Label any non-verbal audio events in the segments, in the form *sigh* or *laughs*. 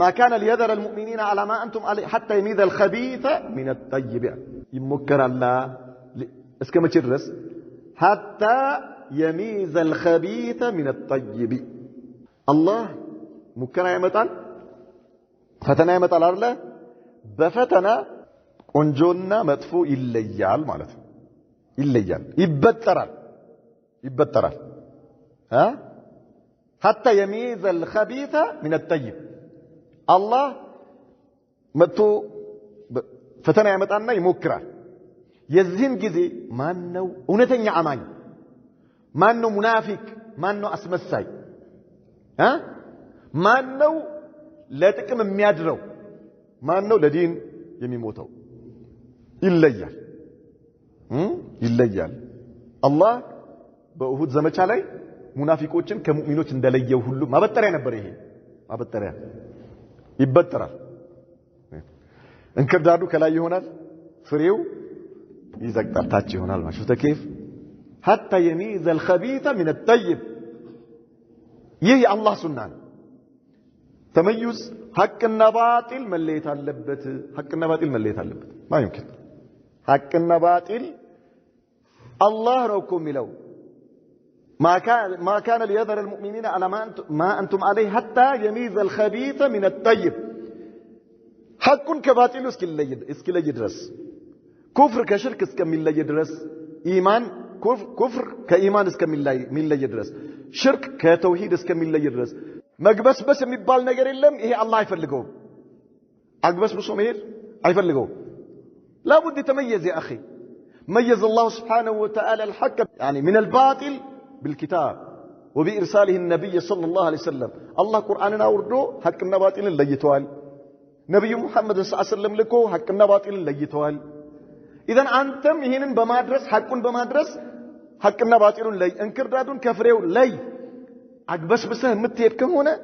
ما كان ليذر المؤمنين على ما أنتم عليه حتى يميز الخبيث من الطيب يمكر الله اسكما تشرس حتى يميز الخبيث من الطيب الله مكنا يمطال ፈተና ይመጣል አይደለ? بفتنا ቆንጆና مدفو ይለያል ማለት ነው። يبتر يبتر ها حتى يميز الخبيث من الطيب አላህ መጥቶ ፈተና ያመጣና ይሞክራል። የዚህን ጊዜ ማን ነው እውነተኛ አማኝ? ማን ነው ሙናፊቅ? ማን ነው አስመሳይ? ማን ነው ለጥቅም የሚያድረው? ማን ነው ለዲን የሚሞተው? ይለያል ይለያል። አላህ በእሁድ ዘመቻ ላይ ሙናፊቆችን ከሙእሚኖች እንደለየው ሁሉ ማበጠሪያ ነበር ይሄ ማበጠሪያ ይበጠራል። እንክርዳዱ ከላይ ይሆናል፣ ፍሬው ይዘቅጣል፣ ታች ይሆናል። ማሹተ ኬፍ ሐታ የሚዘ አልኸቢተ ሚነ ጠይብ። ይህ የአላህ ሱና ነው። ተመዩዝ ሐቅና ባጢል መለየት አለበት። ሐቅና ባጢል መለየት አለበት። ማ ዩምኪን ሐቅና ባጢል አላህ ነው እኮ የሚለው ما كان ما كان ليذر المؤمنين على ما انتم, ما أنتم عليه حتى يميز الخبيث من الطيب حق كباطل لا يدرس كفر كشرك من لا يدرس ايمان كفر, كفر كايمان من لا يدرس شرك كتوحيد من لا يدرس መግበስ በስ የሚባል ነገር الله ይሄ አላህ بس امير መሄድ لابد تميز يا اخي ميز الله سبحانه وتعالى الحق يعني من الباطل بالكتاب وبإرساله النبي صلى الله عليه وسلم الله قرآننا وردو حق النباطين اللي يتوال نبي محمد صلى الله عليه وسلم لكو حق النباطين اللي يتوال إذن أنتم هنا بمدرس حقن بمدرس حق النباطين لي انكر دادون كفريو لي أكبس بسه متيب كم هنا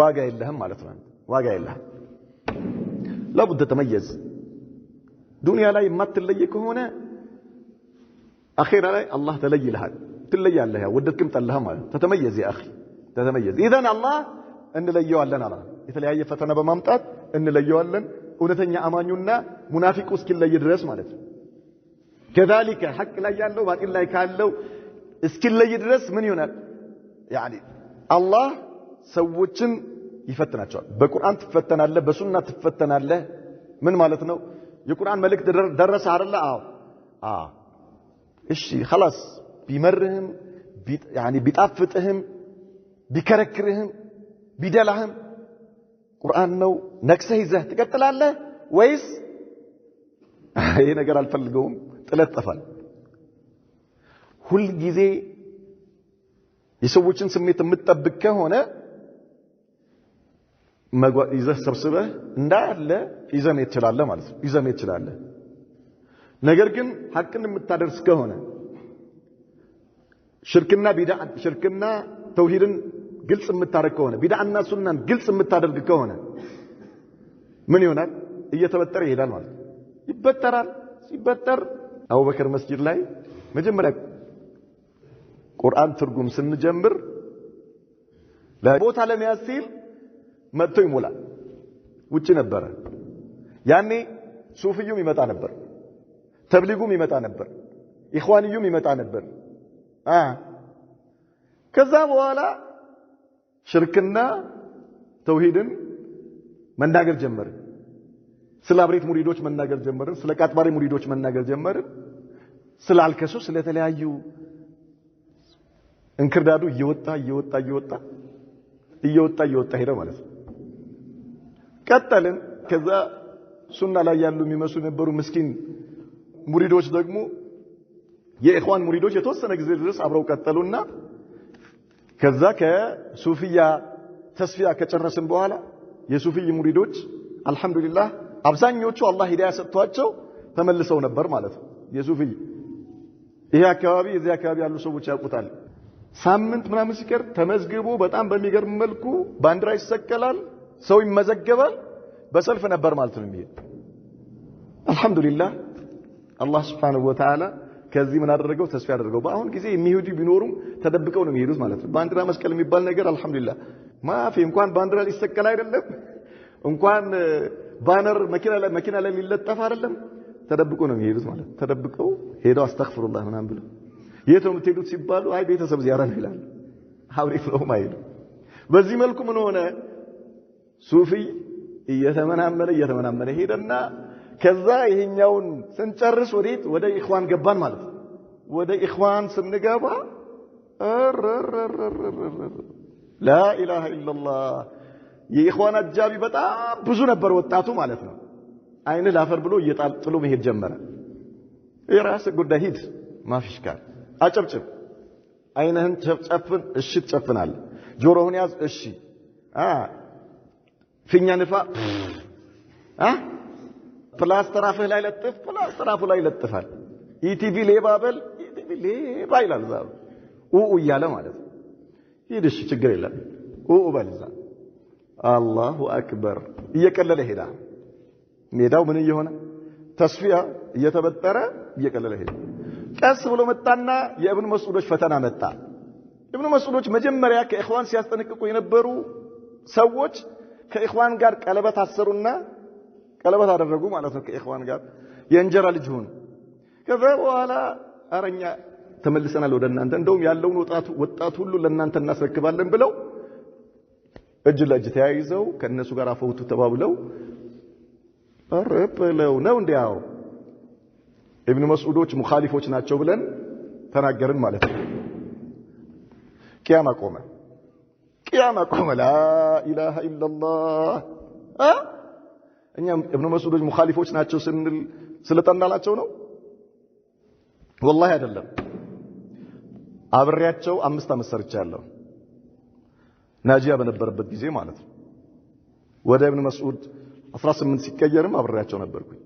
واقع إلهم على فرانت واقع إلهم لا بد تميز دنيا لا يمت اللي هنا أخيرا الله تلي لهذا تلي لها ودك كم تلها ما تتميز يا أخي تتميز إذا الله إن لا يوالن على إذا لأي فتنة بممتات إن لا يوالن ونتني أمانيونا منافق أسك لا يدرس مالت كذلك حق لا يالله بعد الله يكالله أسك لا يدرس من ينال يعني الله سوتشن يفتنا تشوف بالقرآن تفتنا الله بسنة تفتنا الله من مالتنا يقول عن ملك درس على لا آه آه إيش خلاص ቢመርህም ቢጣፍጥህም ቢከረክርህም ቢደላህም ቁርአን ነው ነክሰህ ይዘህ ትቀጥላለህ ወይስ *laughs* ይህ ነገር አልፈልገውም ጥለት ጠፋል። ሁልጊዜ የሰዎችን ስሜት የምትጠብቅ ከሆነ ይዘህ ሰብስበህ እንዳለ ይዘህ መሄድ ትችላለህ ማለት ነው። ይዘህ መሄድ ትችላለህ። ነገር ግን ሀቅን የምታደርስ ከሆነ ሽርክና ቢዳ ሽርክና ተውሂድን ግልጽ የምታደርግ ከሆነ ቢዳአና ሱናን ግልጽ የምታደርግ ከሆነ ምን ይሆናል? እየተበጠረ ይሄዳል ማለት ነው። ይበጠራል። ሲበጠር አቡበከር መስጂድ ላይ መጀመሪያ ቁርአን ትርጉም ስንጀምር ለቦታ ለመያዝ ሲል መጥቶ ይሞላል። ውጭ ነበረ ያኔ። ሱፍዩም ይመጣ ነበር፣ ተብሊጉም ይመጣ ነበር፣ ኢኽዋንዩም ይመጣ ነበር። ከዛ በኋላ ሽርክና ተውሂድን መናገር ጀመርን። ስለ አብሬት ሙሪዶች መናገር ጀመርን። ስለ ቃጥባሪ ሙሪዶች መናገር ጀመርን። ስለ አልከሱ ስለተለያዩ እንክርዳዱ እየወጣ እየወጣ እየወጣ እየወጣ እየወጣ ሄደ ማለት ነው። ቀጠልን። ከዛ ሱና ላይ ያሉ የሚመስሉ የነበሩ ምስኪን ሙሪዶች ደግሞ የኢኽዋን ሙሪዶች የተወሰነ ጊዜ ድረስ አብረው ቀጠሉና ከዛ ከሱፍያ ተስፊያ ከጨረስን በኋላ የሱፍይ ሙሪዶች አልሐምዱሊላህ አብዛኞቹ አላህ ሂዳያ ሰጥቷቸው ተመልሰው ነበር ማለት ነው። የሱፍይ ይሄ አካባቢ እዚህ አካባቢ ያሉ ሰዎች ያውቁታል። ሳምንት ምናምን ሲቀር ተመዝግቦ በጣም በሚገርም መልኩ ባንዲራ ይሰቀላል፣ ሰው ይመዘገባል። በሰልፍ ነበር ማለት ነው የሚሄድ አልሐምዱሊላህ አላህ ስብሓነሁ ወተዓላ ከዚህ ምን አደረገው ተስፋ ያደረገው። በአሁን ጊዜ የሚሄዱ ቢኖሩም ተደብቀው ነው የሚሄዱት ማለት ነው። ባንዲራ መስቀል የሚባል ነገር አልሐምዱሊላህ ማፊ እንኳን ባንዲራ ሊሰቀል አይደለም እንኳን ባነር መኪና ላይ መኪና ላይ ሊለጠፍ አይደለም ተደብቆ ነው የሚሄዱት ማለት ነው። ተደብቀው ሄደው አስተግፍሩላህ ምናምን ብለው የት ነው የምትሄዱት ሲባሉ አይ ቤተሰብ ዚያራ ነው ይላል። ሀብሪፍ ነው ማይሉ በዚህ መልኩ ምን ሆነ ሱፊ እየተመናመነ እየተመናመነ ሄደና ከዛ ይሄኛውን ስንጨርስ ወዴት ወደ ኢኽዋን ገባን ማለት ነው። ወደ ኢኽዋን ስንገባ ላኢላሃ ኢላላህ የኢኽዋን አጃቢ በጣም ብዙ ነበር ወጣቱ ማለት ነው። አይንህ ላፈር ብሎ እየጣጥሎ መሄድ ጀመረ። የራስህ ጉዳይ ሂድ፣ ማፊሽካል አጨብጭብ፣ አይንህን ጨፍን፣ እሺ ትጨፍናለህ። ጆሮህን ያዝ፣ እሺ ፊኛ ንፋ ፕላስተር አፍህ ላይ ለጥፍ፣ ፕላስተር አፉ ላይ ይለጥፋል። ኢቲቪ ሌባ በል፣ ኢቲቪ ሌባ ይላል። ኡኡ እያለ ማለት ነው። ችግር የለም ኡኡ በል እዛ። አላሁ አክበር እየቀለለ ሄዳ ሜዳው ምን እየሆነ ተስፊያ እየተበጠረ እየቀለለ ሄዳ ቀስ ብሎ መጣና የእብኑ መስዑዶች ፈተና መጣ። እብኑ መስዑዶች መጀመሪያ ከኢኽዋን ሲያስጠነቅቁ የነበሩ ሰዎች ከኢኽዋን ጋር ቀለበት አሰሩና ቀለበት አደረጉ ማለት ነው ከኢኽዋን ጋር የእንጀራ ልጅ ሆኑ። ከዛ በኋላ አረኛ ተመልሰናል ወደ እናንተ እንደውም ያለውን ወጣት ሁሉ ለእናንተ እናስረክባለን ብለው እጅ ለእጅ ተያይዘው ከነሱ ጋር አፈውቱ ተባብለው አረበለው ነው እንዲያው ኢብኑ መስዑዶች ሙኻሊፎች ናቸው ብለን ተናገርን ማለት ነው። ቅያማ ቆመ፣ ቅያማ ቆመ። ላ ኢላሃ ኢለላህ እኛም እብኑ መስዑዶች ሙኻሊፎች ናቸው ስንል ስለጠናላቸው ነው? ወላሂ አይደለም። አብሬያቸው አምስት ዓመት ሰርቻለሁ። ናጂያ በነበረበት ጊዜ ማለት ነው። ወደ እብኑ መስዑድ 18 ሲቀየርም አብሬያቸው ነበርኩኝ።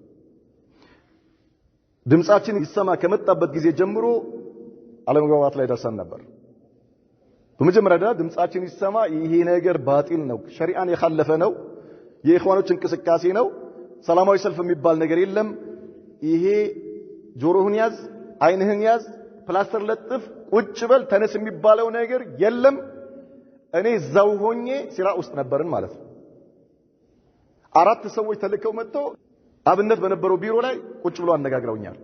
ድምጻችን ይሰማ ከመጣበት ጊዜ ጀምሮ አለመግባባት ላይ ደርሰን ነበር። በመጀመሪያ ደረጃ ድምፃችን ይሰማ፣ ይሄ ነገር ባጢል ነው፣ ሸሪዓን የካለፈ ነው የኢኽዋኖች እንቅስቃሴ ነው። ሰላማዊ ሰልፍ የሚባል ነገር የለም። ይሄ ጆሮህን ያዝ፣ አይንህን ያዝ፣ ፕላስተር ለጥፍ፣ ቁጭ በል፣ ተነስ የሚባለው ነገር የለም። እኔ እዛው ሆኜ ሲራ ውስጥ ነበርን ማለት ነው። አራት ሰዎች ተልከው መጥተው አብነት በነበረው ቢሮ ላይ ቁጭ ብሎ አነጋግረውኛል።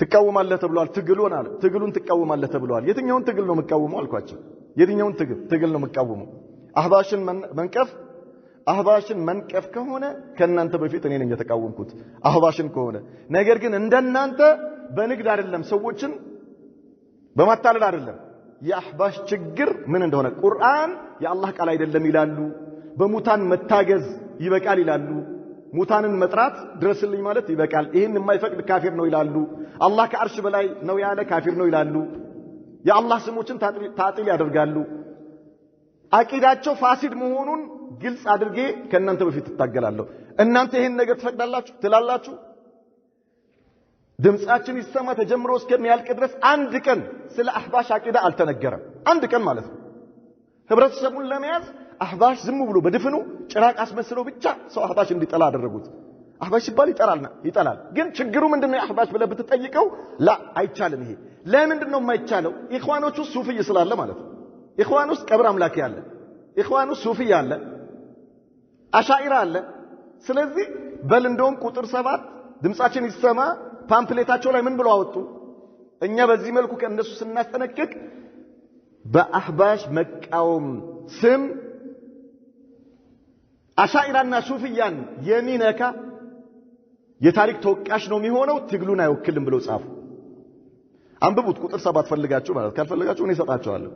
ትቃወማለህ ተብሏል። ትግሉን አለ ትግሉን ትቃወማለህ ተብሏል። የትኛውን ትግል ነው የምቃወመው አልኳቸው። የትኛውን ትግል ትግል ነው የምቃወመው? አህባሽን መንቀፍ አህባሽን መንቀፍ ከሆነ ከእናንተ በፊት እኔ ነኝ የተቃወምኩት። አህባሽን ከሆነ ነገር ግን እንደናንተ በንግድ አይደለም፣ ሰዎችን በማታለል አይደለም። የአህባሽ ችግር ምን እንደሆነ ቁርአን የአላህ ቃል አይደለም ይላሉ። በሙታን መታገዝ ይበቃል ይላሉ። ሙታንን መጥራት ድረስልኝ ማለት ይበቃል። ይህን የማይፈቅድ ካፊር ነው ይላሉ። አላህ ከአርሽ በላይ ነው ያለ ካፊር ነው ይላሉ። የአላህ ስሞችን ታጢል ያደርጋሉ። አቂዳቸው ፋሲድ መሆኑን ግልጽ አድርጌ ከእናንተ በፊት እታገላለሁ። እናንተ ይህን ነገር ትፈቅዳላችሁ ትላላችሁ? ድምፃችን ይሰማ ተጀምሮ እስከሚያልቅ ድረስ አንድ ቀን ስለ አህባሽ አቂዳ አልተነገረም። አንድ ቀን ማለት ነው። ህብረተሰቡን ለመያዝ አህባሽ ዝም ብሎ በድፍኑ ጭራቅ አስመስለው ብቻ ሰው አህባሽ እንዲጠላ አደረጉት። አህባሽ ሲባል ይጠላልና ይጠላል። ግን ችግሩ ምንድነው? አህባሽ ብለህ ብትጠይቀው ላ አይቻልም። ይሄ ለምንድን ነው የማይቻለው? ኢኽዋኖቹ ውስጥ ሱፍይ ስላለ ማለት ነው። ኢኽዋን ውስጥ ቀብር አምላክ ያለ ኢኽዋን ሱፍይ አለ። አሻኢራ አለ ስለዚህ በል እንደውም ቁጥር ሰባት ድምጻችን ይሰማ ፓምፕሌታቸው ላይ ምን ብለው አወጡ? እኛ በዚህ መልኩ ከእነሱ ስናስጠነቅቅ በአህባሽ መቃወም ስም አሻኢራና ሱፍያን የሚነካ የታሪክ ተወቃሽ ነው የሚሆነው፣ ትግሉን አይወክልም ብለው ጻፉ። አንብቡት፣ ቁጥር ሰባት ፈልጋችሁ ማለት ካልፈልጋችሁ እኔ እሰጣችኋለሁ።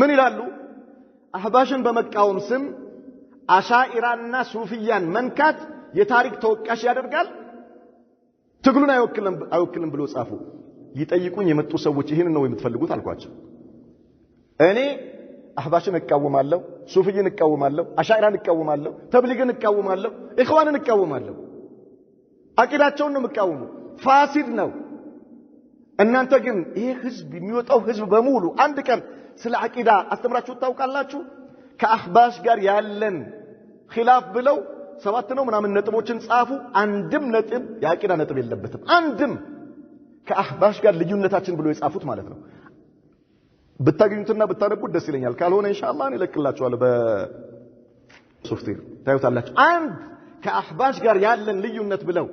ምን ይላሉ? አህባሽን በመቃወም ስም አሻኢራና ሱፍያን መንካት የታሪክ ተወቃሽ ያደርጋል፣ ትግሉን አይወክልም ብሎ ጻፉ። ይጠይቁኝ የመጡ ሰዎች ይህን ነው የምትፈልጉት አልኳቸው። እኔ አህባሽን እቃወማለሁ፣ ሱፍይን እቃወማለሁ፣ አሻኢራን እቃወማለሁ፣ ተብሊግን እቃወማለሁ፣ ኢኽዋንን እቃወማለሁ። አቂዳቸውን ነው የምቃወሙ ፋሲድ ነው። እናንተ ግን ይህ ህዝብ የሚወጣው ህዝብ በሙሉ አንድ ቀን ስለ አቂዳ አስተምራችሁ ታውቃላችሁ? ከአህባሽ ጋር ያለን ኺላፍ ብለው ሰባት ነው ምናምን ነጥቦችን ጻፉ። አንድም ነጥብ የአቂዳ ነጥብ የለበትም። አንድም ከአህባሽ ጋር ልዩነታችን ብሎ የጻፉት ማለት ነው። ብታገኙትና ብታነቡት ደስ ይለኛል። ካልሆነ ኢንሻአላህ እኔ በሶፍትዌር ታዩታላችሁ። አንድ ከአህባሽ ጋር ያለን ልዩነት ብለው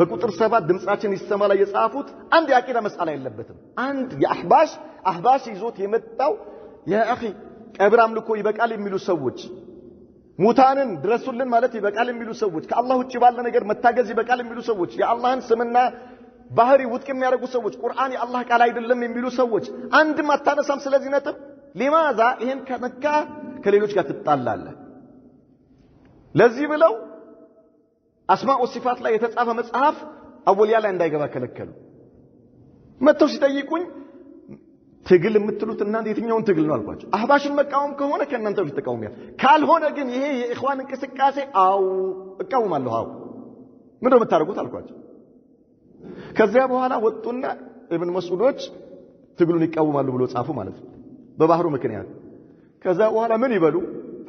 በቁጥር ሰባት ድምጻችን ይሰማ ላይ የጻፉት አንድ የአቂዳ መስአላ የለበትም። አንድ የአህባሽ አህባሽ ይዞት የመጣው ያ አኺ ቀብር አምልኮ ይበቃል የሚሉ ሰዎች ሙታንን ድረሱልን ማለት ይበቃል የሚሉ ሰዎች፣ ከአላህ ውጭ ባለ ነገር መታገዝ ይበቃል የሚሉ ሰዎች፣ የአላህን ስምና ባህሪ ውድቅ የሚያደርጉ ሰዎች፣ ቁርአን የአላህ ቃል አይደለም የሚሉ ሰዎች አንድም አታነሳም። ስለዚህ ነጥብ ሊማዛ ይህን ከመካ ከሌሎች ጋር ትጣላለ። ለዚህ ብለው አስማኦ ሲፋት ላይ የተጻፈ መጽሐፍ አወልያ ላይ እንዳይገባ ከለከሉ። መጥተው ሲጠይቁኝ ትግል የምትሉት እናንተ የትኛውን ትግል ነው አልኳቸው። አህባሽን መቃወም ከሆነ ከእናንተ በፊት ተቃውሚያል። ካልሆነ ግን ይሄ የኢኽዋን እንቅስቃሴ አው እቃወማለሁ። አው ምንድን ነው የምታደርጉት አልኳቸው። ከዚያ በኋላ ወጡና ኢብን መስዑዶች ትግሉን ይቃወማሉ ብሎ ጻፉ ማለት ነው፣ በባህሩ ምክንያት። ከዛ በኋላ ምን ይበሉ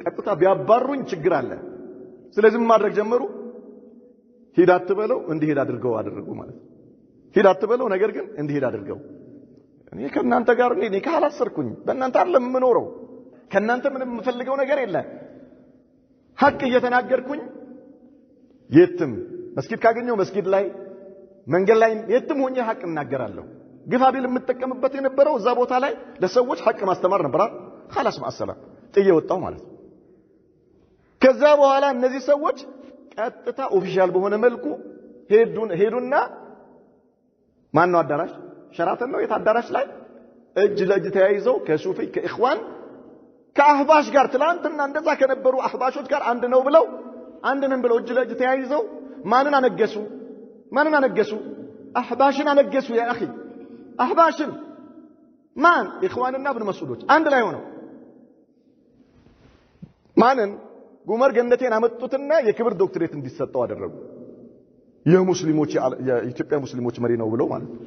ቀጥታ ቢያባሩኝ ችግር አለ። ስለዚህ ማድረግ ጀመሩ? ሂድ አትበለው እንዲሄድ አድርገው አደረጉ ማለት ነው። ሂድ አትበለው ነገር ግን እንዲሄድ አድርገው እኔ ከእናንተ ጋር እንዴ እኔ ካላሰርኩኝ በእናንተ አይደለም የምኖረው። ከእናንተ ምንም የምፈልገው ነገር የለም። ሀቅ እየተናገርኩኝ የትም መስጊድ ካገኘው መስጊድ ላይ መንገድ ላይ የትም ሆኜ ሀቅ እናገራለሁ። ግፋ ቢል የምጠቀምበት የነበረው እዛ ቦታ ላይ ለሰዎች ሀቅ ማስተማር ነበራ። ኻላስ ማሰላም ጥዬ ወጣው ማለት ነው። ከዛ በኋላ እነዚህ ሰዎች ቀጥታ ኦፊሻል በሆነ መልኩ ሄዱና ማነው አዳራሽ ሸራተን ነው የት አዳራሽ ላይ እጅ ለእጅ ተያይዘው ከሱፊ ከኢኽዋን ከአህባሽ ጋር ትላንትና እንደዛ ከነበሩ አህባሾች ጋር አንድ ነው ብለው አንድ ነን ብለው እጅ ለእጅ ተያይዘው ማንን አነገሱ? ማንን አነገሱ? አህባሽን አነገሱ። ያ አኺ አህባሽን ማን? ኢኽዋንና እብን መስዑዶች አንድ ላይ ሆነው ማንን? ጉመር ገነቴን አመጡትና የክብር ዶክትሬት እንዲሰጠው አደረጉ። የሙስሊሞች የኢትዮጵያ ሙስሊሞች መሪ ነው ብለው ማለት ነው።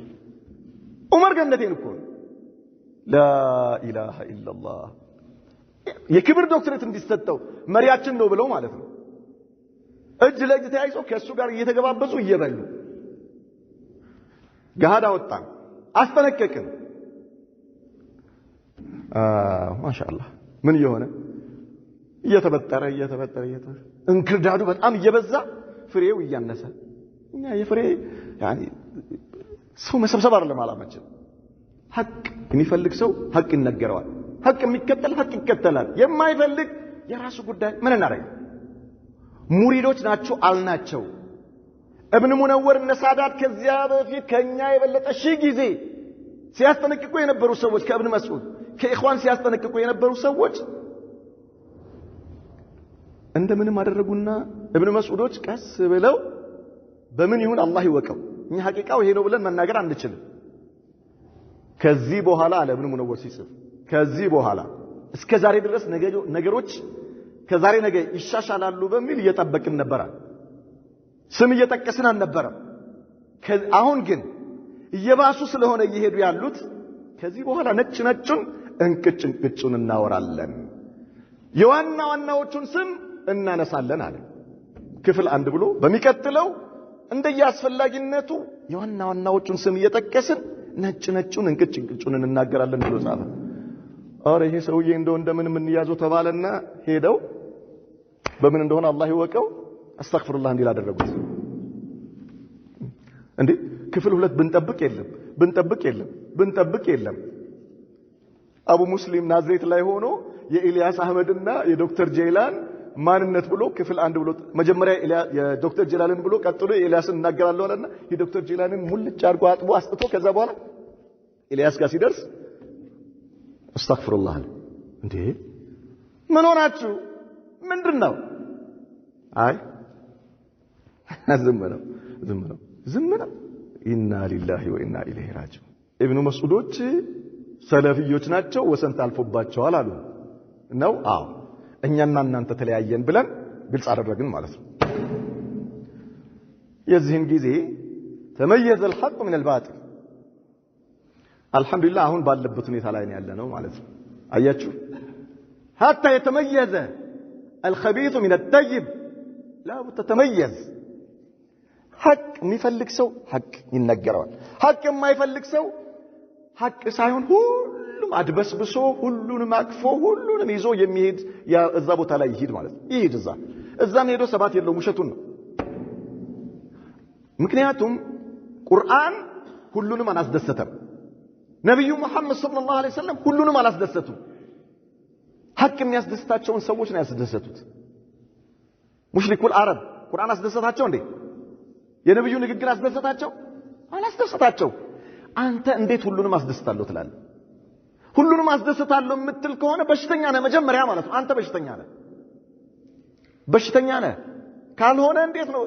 ዑመር ገነቴን እኮ ላኢላሀ ኢላላህ የክብር ዶክትሬት እንዲሰጠው መሪያችን ነው ብለው ማለት ነው። እጅ ለእጅ ተያይዘው ከእሱ ጋር እየተገባበዙ እየበሉ ገሃድ አወጣን፣ አስጠነቀቅን። ማሻአላህ ምን እየሆነ እየተበጠረ እየተበጠረ እየተበጠረ እንክርዳዱ በጣም እየበዛ ፍሬው እያነሰ እኛ የፍሬ ሰው መሰብሰብ አይደለም አላማችን። ሀቅ የሚፈልግ ሰው ሀቅ ይነገረዋል። ሀቅ የሚከተል ሀቅ ይከተላል። የማይፈልግ የራሱ ጉዳይ ምን እናደርግ። ሙሪዶች ናቸው አልናቸው። እብን ሙነወር እነ ሳዳት ከዚያ በፊት ከኛ የበለጠ ሺህ ጊዜ ሲያስጠነቅቁ የነበሩ ሰዎች ከእብን መስዑድ ከኢኽዋን ሲያስጠነቅቁ የነበሩ ሰዎች እንደምንም አደረጉና እብን መስዑዶች ቀስ ብለው በምን ይሁን አላህ ይወቀው እኛ ሐቂቃው ይሄ ነው ብለን መናገር አንችልም። ከዚህ በኋላ አለ ኢብኑ ሙነወር ሲጽፍ ከዚህ በኋላ እስከ ዛሬ ድረስ ነገሮች ከዛሬ ነገ ይሻሻላሉ በሚል እየጠበቅን ነበራል። ስም እየጠቀስን አልነበረም። አሁን ግን እየባሱ ስለሆነ እየሄዱ ያሉት ከዚህ በኋላ ነጭ ነጩን እንቅጭ እንቅጩን እናወራለን፣ የዋና ዋናዎቹን ስም እናነሳለን አለ ክፍል አንድ ብሎ በሚቀጥለው እንደየአስፈላጊነቱ የዋና ዋናዎቹን ስም እየጠቀስን ነጭ ነጩን እንቅጭ እንቅጩን እንናገራለን ብሎ ጻፈ። አረ ይሄ ሰውዬ እንደው እንደምን የምንያዘው ተባለና ሄደው በምን እንደሆነ አላህ ይወቀው አስተግፍሩላህ እንዲል አደረጉት። እንዴ ክፍል ሁለት ብንጠብቅ የለም ብንጠብቅ የለም ብንጠብቅ የለም። አቡ ሙስሊም ናዝሬት ላይ ሆኖ የኢልያስ አህመድና የዶክተር ጄይላን ማንነት ብሎ ክፍል አንድ ብሎ መጀመሪያ የዶክተር ጀላልን ብሎ ቀጥሎ ኤልያስን እናገራለሁ አለና የዶክተር ጀላልን ሙልጭ አድርጎ አጥቦ አስጥቶ ከዛ በኋላ ኤልያስ ጋር ሲደርስ አስተግፍሩላህ አለ። እንዴ ምን ሆናችሁ? ምንድን ነው? አይ *laughs* ዝም ነው ዝም ነው ዝም ነው። ኢና ሊላሂ ወኢና ኢለይሂ ራጂዑን። ኢብኑ መስዑዶች ሰለፊዮች ናቸው፣ ወሰን ታልፎባቸዋል አሉ ነው። አዎ እኛና እናንተ ተለያየን ብለን ግልጽ አደረግን ማለት ነው። የዚህን ጊዜ ተመየዘ አልሐቅ ምን አልባጢል። አልሐምዱሊላህ አሁን ባለበት ሁኔታ ላይ ያለ ነው ማለት ነው። አያችሁ ሀታ የተመየዘ አልኸቢቱ ምን አልጠይብ ላቡድ ተተመየዝ። ሐቅ የሚፈልግ ሰው ሐቅ ይነገረዋል። ሐቅ የማይፈልግ ሰው ሐቅ ሳይሆን ሁሉ ሁሉም አድበስብሶ ሁሉንም አቅፎ ሁሉንም ይዞ የሚሄድ እዛ ቦታ ላይ ይሄድ ማለት ነው። ይሄድ እዛ እዛም ሄዶ ሰባት የለውም፣ ውሸቱን ነው። ምክንያቱም ቁርአን ሁሉንም አላስደሰተም። ነቢዩ መሐመድ ሰለላሁ ዐለይሂ ወሰለም ሁሉንም አላስደሰቱም። ሐቅ የሚያስደስታቸውን ሰዎች ነው ያስደሰቱት። ሙሽሪኩል አረብ ቁርአን አስደሰታቸው እንዴ? የነቢዩ ንግግር አስደሰታቸው? አላስደሰታቸው። አንተ እንዴት ሁሉንም አስደስታለሁ ትላለህ? ሁሉንም አስደስታለሁ የምትል ከሆነ በሽተኛ ነህ መጀመሪያ ማለት ነው። አንተ በሽተኛ ነህ፣ በሽተኛ ነህ። ካልሆነ እንዴት ነው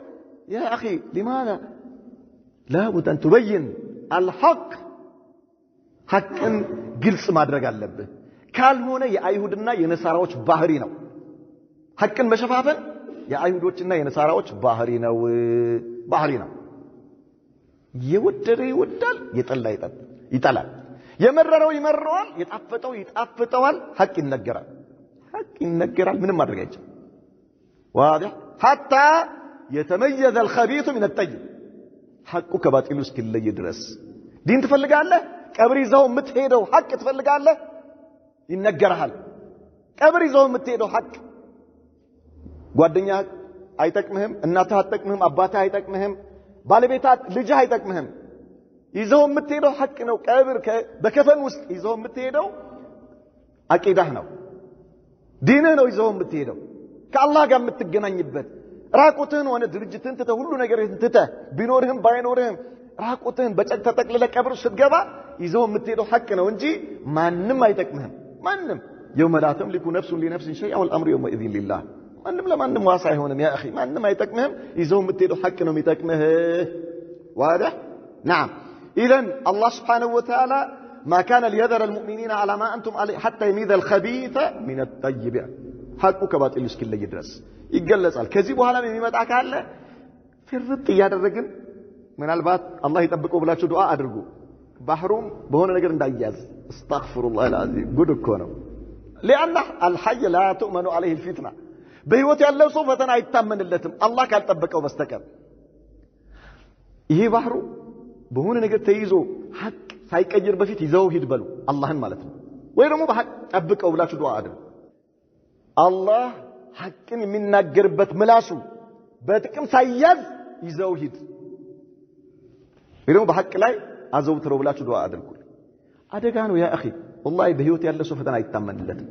ያ አኺ ሊማዛ ላቡድ አን ቱበይን አልሐቅ ሐቅን ግልጽ ማድረግ አለብህ። ካልሆነ የአይሁድና የነሳራዎች ባህሪ ነው። ሐቅን መሸፋፈን የአይሁዶችና የነሳራዎች ባህሪ ነው ባህሪ ነው። የወደደ ይወዳል፣ የጠላ ይጠላል። የመረረው ይመረዋል፣ የጣፈጠው ይጣፍጠዋል። ሐቅ ይነገራል፣ ሐቅ ይነገራል። ምንም ማድረግ አይችልም። ዋዲህ ሐታ የተመየዘ አልኸቢቱ ሚነ ጠይብ ሐቁ ከባጢሉ እስኪለይ ድረስ ዲን ትፈልጋለህ? ቀብር ይዘው የምትሄደው ሐቅ ትፈልጋለህ? ይነገርሃል። ቀብር ይዘው የምትሄደው ሐቅ ጓደኛ አይጠቅምህም፣ እናትህ አትጠቅምህም፣ አባትህ አይጠቅምህም፣ ባለቤትህ ልጅህ አይጠቅምህም። ይዘው የምትሄደው ሐቅ ነው። ቀብር በከፈን ውስጥ ይዘው የምትሄደው አቂዳህ ነው፣ ዲንህ ነው። ይዘው የምትሄደው ከአላህ ጋር የምትገናኝበት ራቁትህን ሆነ ድርጅትን ትተህ ሁሉ ነገር ትተህ ቢኖርህም ባይኖርህም ራቁትህን በጨርቅ ተጠቅልለህ ቀብር ስትገባ ይዘው የምትሄደው ሐቅ ነው እንጂ ማንም አይጠቅምህም። ማንም የውመላ ተምሊኩ ነፍሱን ሊነፍስን ሸይአ ወልአምሩ የውመኢዝን ሊላህ ማንም ለማንም ዋስ አይሆንም። ያ አኺ ማንም አይጠቅምህም። ይዘው የምትሄደው ሐቅ ነው የሚጠቅምህ። ዋዳ ናም إذا الله سبحانه وتعالى ما كان ليذر المؤمنين على ما أنتم عليه حتى يميذ الخبيث من الطيب أكبات كبات الاسكيل يدرس ይገለጻል ከዚህ በኋላም የሚመጣ ካለ ፍርጥ እያደረግን ምናልባት አላህ ይጠብቀው ብላችሁ ዱዓ አድርጉ ባህሩም በሆነ ነገር እንዳያዝ استغفرالله العظيم ጉድ እኮ ነው لأن الحي لا تؤمن عليه الفتنة በህይወት ያለው ሰው ፈተና አይታመንለትም አላህ ካልጠበቀው بستكر ይሄ ባህሩ بهون نقدر تيزو حق سايك أجر بفيت يزو هيدبلو الله هن مالتنا وين مو بحق أبك أو لا شدوا عدل الله حقني من نقدر بتملاسو بتكم سيز يزو هيد وين مو بحق لاي أزو ترو لا شدوا عدل كل أدعانو يا أخي والله بهيوتي الله سوف تنا يتمن لنا